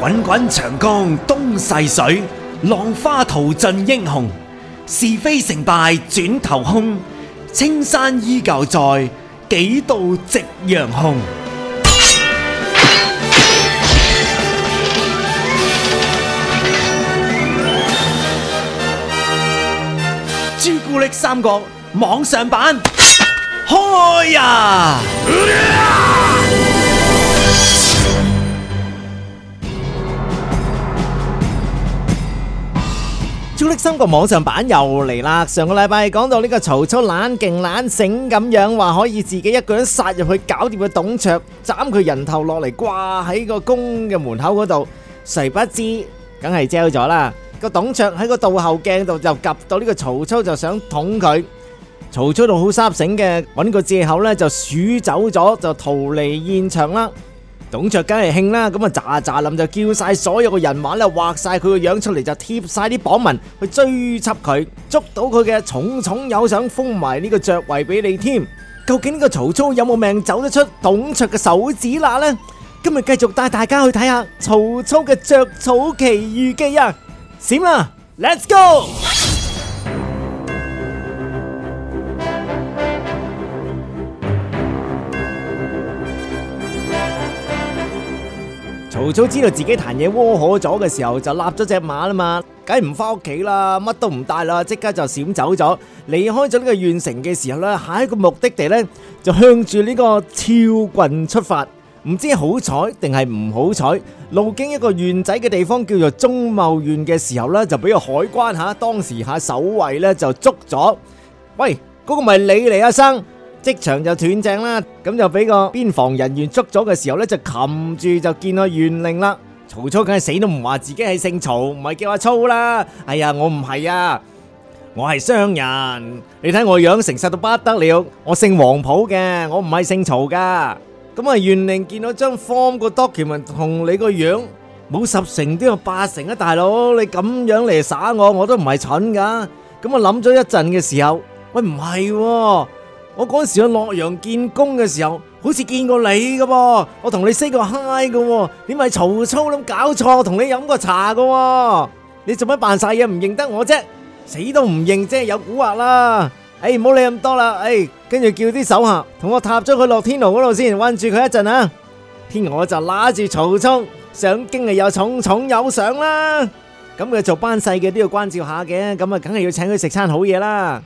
滾滾長江東逝水，浪花淘盡英雄。是非成敗轉頭空。青山依舊在，幾度夕陽紅。朱古 力三國網上版， 開呀、啊！ 《朱古力三國》個網上版又嚟啦！上個禮拜講到呢個曹操懶勁懶醒咁樣，話可以自己一個人殺入去搞掂個董卓，斬佢人頭落嚟掛喺個宮嘅門口嗰度，誰不知梗係 s 咗啦。個董卓喺個倒後鏡度就夾到呢個曹操，就想捅佢。曹操仲好沙醒嘅，揾個借口呢，就鼠走咗，就逃離現場啦。董卓梗係興啦，咁啊喳喳林就叫晒所有嘅人馬啦，畫晒佢嘅樣出嚟，就貼晒啲榜文去追緝佢，捉到佢嘅重重有賞，封埋呢個爵位俾你添。究竟呢個曹操有冇命走得出董卓嘅手指罅呢？今日繼續帶大家去睇下曹操嘅著草奇遇記啊！閃啦，Let's go！曹操知道自己彈嘢窩火咗嘅時候，就立咗隻馬啦嘛，梗係唔翻屋企啦，乜都唔帶啦，即刻就閃走咗，離開咗呢個縣城嘅時候咧，下一個目的地咧就向住呢個譙郡出發，唔知好彩定係唔好彩，路經一個縣仔嘅地方叫做中牟縣嘅時候咧，就俾個海關吓，當時吓守衛咧就捉咗，喂，嗰個咪你嚟啊生？即場就斷正啦，咁就俾個邊防人員捉咗嘅時候呢，就擒住就見到縣令啦。曹操梗係死都唔話自己係姓曹，唔係叫阿操啦。哎呀，我唔係啊，我係商人。你睇我樣誠實到不得了，我姓皇甫嘅，我唔係姓曹噶。咁啊，縣令見到張方個 document 同你個樣冇十成都有八成啊，大佬，你咁樣嚟耍我，我都唔係蠢噶。咁啊諗咗一陣嘅時候，喂、哎，唔係、啊。我嗰時喺洛陽見工嘅時候，好似見過你噶噃，我同你 say 過 hi 噶，點解曹操咁搞錯？我同你飲過茶噶，你做乜扮晒嘢唔認得我啫？死都唔認，即係有蠱惑啦。誒、哎，唔好理咁多啦，誒、哎，跟住叫啲手下同我踏咗去落天牢嗰度先，温住佢一陣啊。天牢我就拉住曹操，想經理有重重有賞。啦咁佢做班細嘅都要關照下嘅，咁啊，梗係要請佢食餐好嘢啦。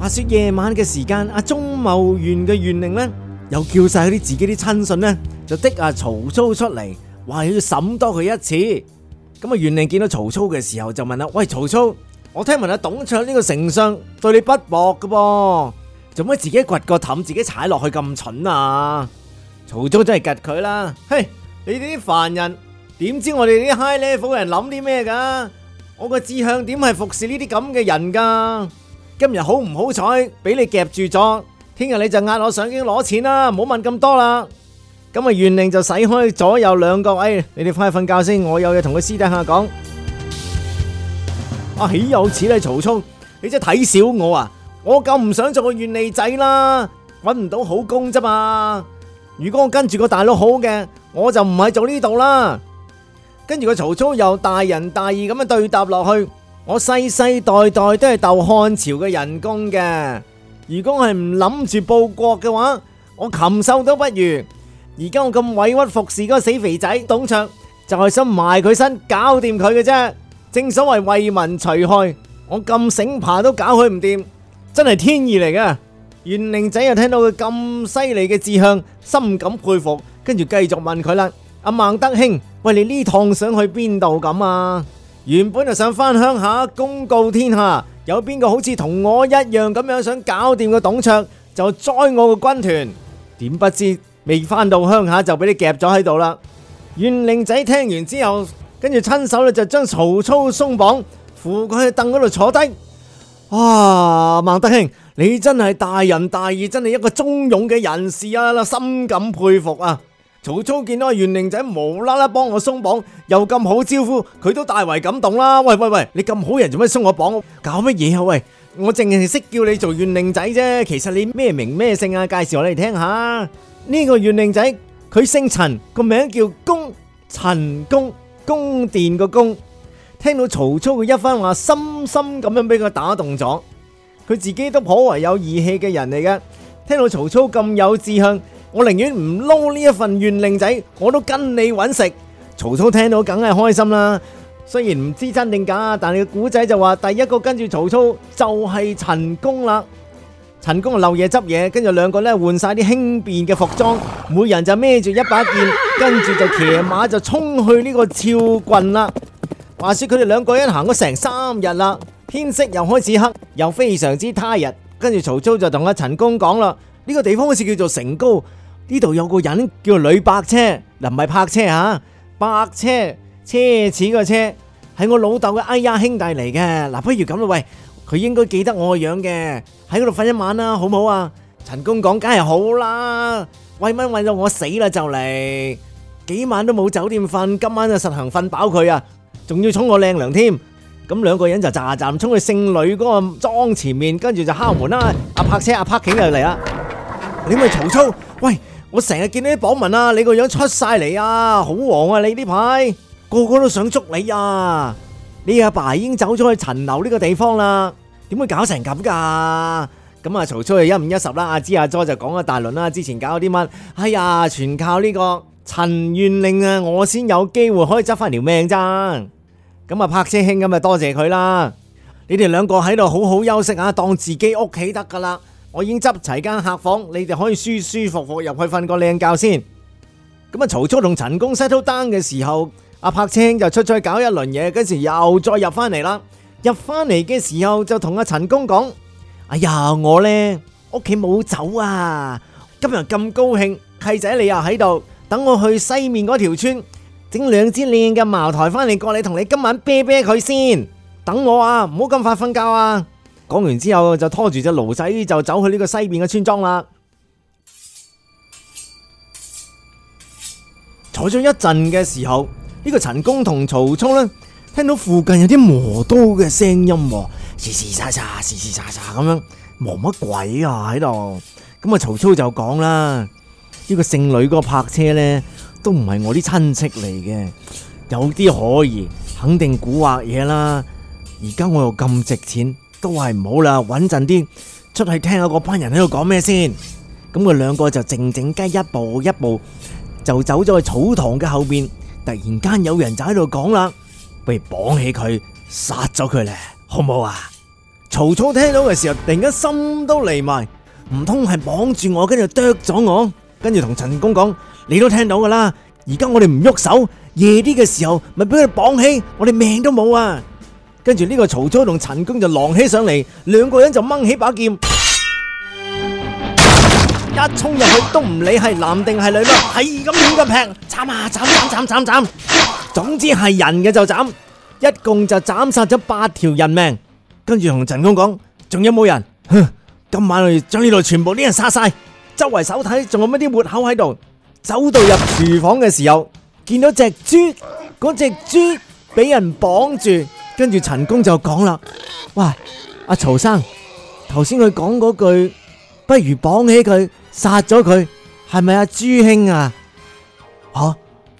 話說夜晚嘅時間，阿中牟縣嘅縣令呢，又叫晒佢啲自己啲親信呢，就的阿曹操出嚟，話要審多佢一次。咁啊，縣令見到曹操嘅時候就問啦：，喂，曹操，我聽聞阿董卓呢個丞相對你不薄噶噃，做乜自己掘個氹自己踩落去咁蠢啊？曹操真係吉佢啦，嘿，hey，你哋啲凡人點知我哋啲 high level 人諗啲咩噶？我個志向點係服侍呢啲咁嘅人噶？今日好唔好彩，俾你夾住咗。聽日你就押我上京攞錢啦，唔好問咁多啦。咁啊，縣令就使開左右兩個，哎，你哋翻去瞓覺先，我有嘢同佢私底下講。 啊，豈有此理！曹操，你真係睇小我啊！我咁唔想做個縣吏仔啦，搵唔到好工啫嘛。如果我跟住個大佬好嘅，我就唔係做呢度啦。跟住個曹操又大仁大義咁樣對答落去。我世世代代都係斗漢朝嘅人工嘅，如果係唔諗住報國嘅話，我禽獸都不如。而家我咁委屈服侍嗰個死肥仔董卓，就係想埋佢身搞掂佢嘅啫。正所謂為民除害，我咁醒爬都搞佢唔掂，真係天意嚟嘅。袁陵仔又聽到佢咁犀利嘅志向，深感佩服，跟住繼續問佢啦。阿孟德兄，喂，你呢趟想去邊度咁啊？原本就想翻鄉下公告天下，有邊個好似同我一樣咁樣想搞掂個董卓，就災我個軍團。點不知未翻到鄉下就俾你夾咗喺度啦！縣令仔聽完之後，跟住親手咧就將曹操鬆綁，扶佢去凳嗰度坐低。啊，孟德兄，你真係大仁大義，真係一個忠勇嘅人士啊！深感佩服啊！曹操見到縣令仔無啦啦幫我鬆綁，又咁好招呼，佢都大為感動啦！喂喂喂，你咁好人做咩鬆我綁？搞乜嘢啊？喂，我淨係識叫你做縣令仔啫，其實你咩名咩姓啊？介紹我嚟聽下。呢、這個縣令仔，佢姓陳，個名叫宮，陳宮，宮殿個宮。聽到曹操嘅一番話，深深咁樣俾佢打動咗。佢自己都頗為有義氣嘅人嚟嘅，聽到曹操咁有志向。我寧願唔撈呢一份縣令仔，我都跟你搵食。曹操聽到梗係開心啦，雖然唔知真定假，但係個古仔就話第一個跟住曹操就係陳宮啦。陳宮漏夜執嘢，跟住兩個呢換晒啲輕便嘅服裝，每人就孭住一把劍，跟住就騎馬就衝去呢個譙郡啦。話說佢哋兩個人行咗成三日啦，天色又開始黑，又非常之他日。跟住曹操就同阿陳宮講啦，呢、這個地方好似叫做成皋。呢度有個人叫呂伯奢，嗱唔係泊車啊，伯奢奢侈個奢，係我老豆嘅，哎呀兄弟嚟嘅，嗱不如咁啦，喂，佢應該記得我個樣嘅，喺嗰度瞓一晚啦，好唔好啊？陳宮講，梗係好啦，為乜為到我死啦就嚟？幾晚都冇酒店瞓，今晚就實行瞓飽佢啊，仲要沖我靚涼添，咁兩個人就站站衝去姓呂嗰個莊前面，跟住就敲門啦，阿拍車阿拍景就嚟啦，你咪曹操，喂！我成日見到啲榜文啊，你個樣出晒嚟啊，好黃啊！你呢排個個都想捉你啊！你阿爸,爸已經走咗去陳留呢個地方啦，點會搞成咁噶？咁啊，曹操就一五一十啦。阿支阿佐就講一大輪啦，之前搞咗啲乜？哎呀，全靠呢個陳縣令啊，我先有機會可以執翻條命咋。咁啊，伯奢兄咁啊，多謝佢啦。你哋兩個喺度好好休息啊，當自己屋企得噶啦。我已經執齊間客房，你哋可以舒舒服服入去瞓個靚覺先。咁啊，曹操同陳公 settle down 嘅時候，阿柏青就出去搞一輪嘢，跟住又再入翻嚟啦。入翻嚟嘅時候就同阿陳公講：哎呀，我呢屋企冇酒啊，今日咁高興，契仔你又喺度，等我去西面嗰條村整兩支靚嘅茅台翻嚟過你，同你今晚啤啤佢先。等我啊，唔好咁快瞓覺啊！講完之後，就拖住隻驢仔就走去呢個西邊嘅村莊啦。坐咗一陣嘅時候，呢個陳宮同曹操呢，聽到附近有啲磨刀嘅聲音，嚓嚓嚓嚓，嚓嚓嚓嚓咁樣磨乜鬼啊喺度。咁啊，曹操就講啦，呢個姓呂嗰個伯奢呢都唔係我啲親戚嚟嘅，有啲可疑，肯定蠱惑嘢啦。而家我又咁值錢。都係唔好啦，穩陣啲，出去聽下嗰班人喺度講咩先。咁佢兩個就靜靜雞，一步一步就走咗去草堂嘅後邊。突然間有人就喺度講啦，不如綁起佢，殺咗佢咧，好唔好啊？曹操聽到嘅時候，突然間心都離埋，唔通係綁住我，跟住剁咗我？跟住同陳宮講，你都聽到噶啦。而家我哋唔喐手，夜啲嘅時候咪俾佢綁起，我哋命都冇啊！跟住呢個曹操同陳宮就狼起上嚟，兩個人就掹起把劍， 一衝入去都唔理係男定係女咯，係咁亂咁劈，斬啊斬斬斬斬斬，總之係人嘅就斬，一共就斬殺咗八條人命。跟住同陳宮講，仲有冇人？哼，今晚去將呢度全部啲人殺晒。周圍搜睇，仲有乜啲活口喺度？走到入廚房嘅時候，見到隻豬，嗰隻豬俾人綁住。跟住陳宮就講啦，喂，阿、啊、曹生頭先佢講嗰句，不如綁起佢殺咗佢，係咪阿朱兄啊？吓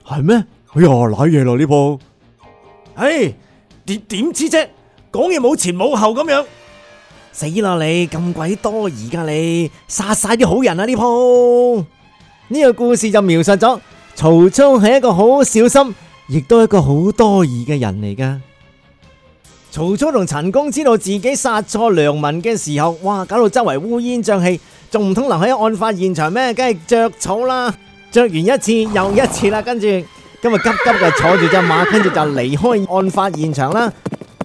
係咩？哎呀，乃嘢啦呢鋪，唉，你點知啫？講嘢冇前冇後咁樣，死啦你咁鬼多疑噶、啊、你殺晒啲好人啊！呢鋪呢個故事就描述咗曹操係一個好小心，亦都係一個好多疑嘅人嚟噶。曹操同陳宮知道自己殺錯良民嘅時候，哇！搞到周圍烏煙瘴氣，仲唔通留喺案發現場咩？梗係着草啦，着完一次又一次啦，跟住今日急急嘅坐住隻馬，跟住就離開案發現場啦。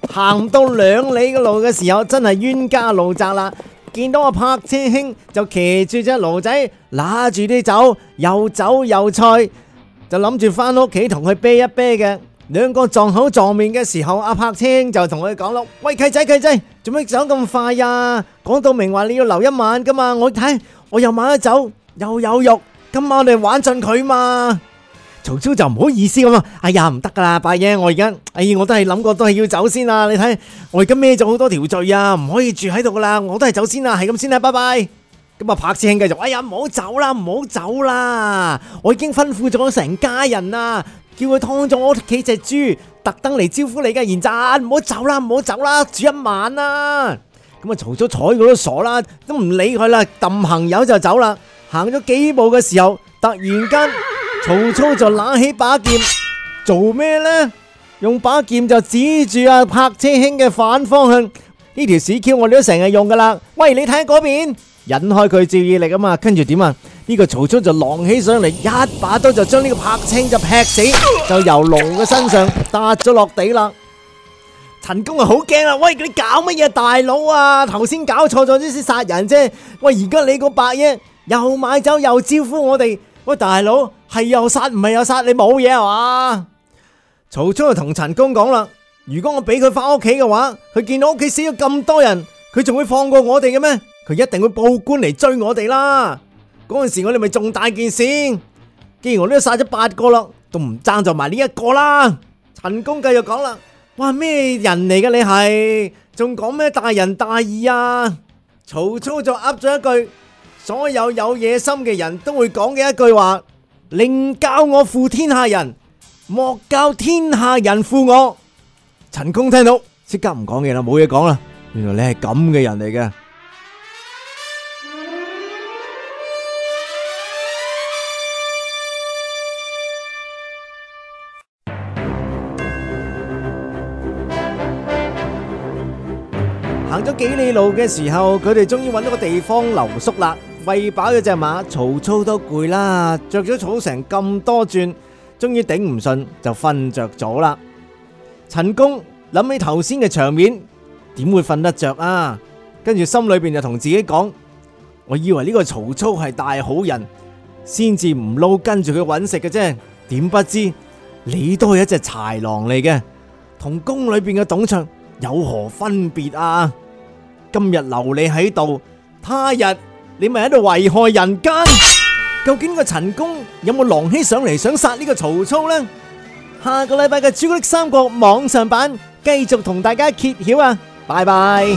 行到兩里嘅路嘅時候，真係冤家路窄啦！見到個伯奢兄就騎住隻驢仔，拿住啲酒，又酒又菜，就諗住翻屋企同佢啤一啤嘅。兩個撞口撞面嘅時候，阿柏青就同佢講咯：喂，契仔契仔，做咩走咁快呀、啊？講到明話你要留一晚噶嘛？我睇我又買咗酒又有肉，今晚我哋玩盡佢嘛？曹操就唔好意思咁啊！哎呀，唔得噶啦，伯爺，我而家，哎，我都係諗過都係要走先啦。你睇我而家孭咗好多條罪啊，唔可以住喺度噶啦，我都係走先啦，係咁先啦，拜拜。咁啊！柏車兄，繼續。哎呀，唔好走啦，唔好走啦！我已經吩咐咗成家人啦，叫佢劏咗我屋企隻豬，特登嚟，招呼你嘅賢侄，唔好走啦，唔好走啦，住一晚啦。咁啊，曹操睬佢都傻啦，都唔理佢啦，氹行友就走啦。行咗幾步嘅時候，突然間曹操就攋起把劍，做咩咧？用把劍就指住阿柏車兄嘅反方向。呢條屎橋，我哋都成日用噶啦。喂，你睇下嗰邊。引開佢注意力啊嘛，跟住點啊？呢個曹操就狼起上嚟，一把刀就將呢個柏青就劈死，就由龍嘅身上搭咗落地啦。陳宮啊，好驚啦！喂，你搞乜嘢，大佬啊？頭先搞錯咗先殺人啫。喂，而家你個伯爺又買酒又招呼我哋，喂，大佬係又殺唔係又殺？你冇嘢係嘛？曹操就同陳宮講啦：如果我俾佢翻屋企嘅話，佢見到屋企死咗咁多人，佢仲會放過我哋嘅咩？佢一定會報官嚟追我哋啦。嗰陣時我哋咪仲大件事，既然我都殺咗八個咯，都唔爭就埋呢一個啦。陳宮繼續講啦，哇咩人嚟嘅你係，仲講咩大仁大義啊？曹操就噏咗一句所有有野心嘅人都會講嘅一句話：寧教我負天下人，莫教天下人負我。陳宮聽到即刻唔講嘢啦，冇嘢講啦。原來你係咁嘅人嚟嘅。咗幾里路嘅時候，佢哋終於揾到個地方留宿啦。餵飽咗隻馬，曹操都攰啦，着咗草成咁多轉，終於頂唔順就瞓着咗啦。陳宮諗起頭先嘅場面，點會瞓得着啊？跟住心裏邊就同自己講：我以為呢個曹操係大好人，先至唔撈跟住佢揾食嘅啫。點不知你都係一隻豺狼嚟嘅，同宮裏邊嘅董卓有何分別啊？今日留你喺度，他日你咪喺度危害人間。究竟個陳宮有冇狼起上嚟，想殺呢個曹操呢？下個禮拜嘅朱古力三國網上版繼續同大家揭曉啊！拜拜。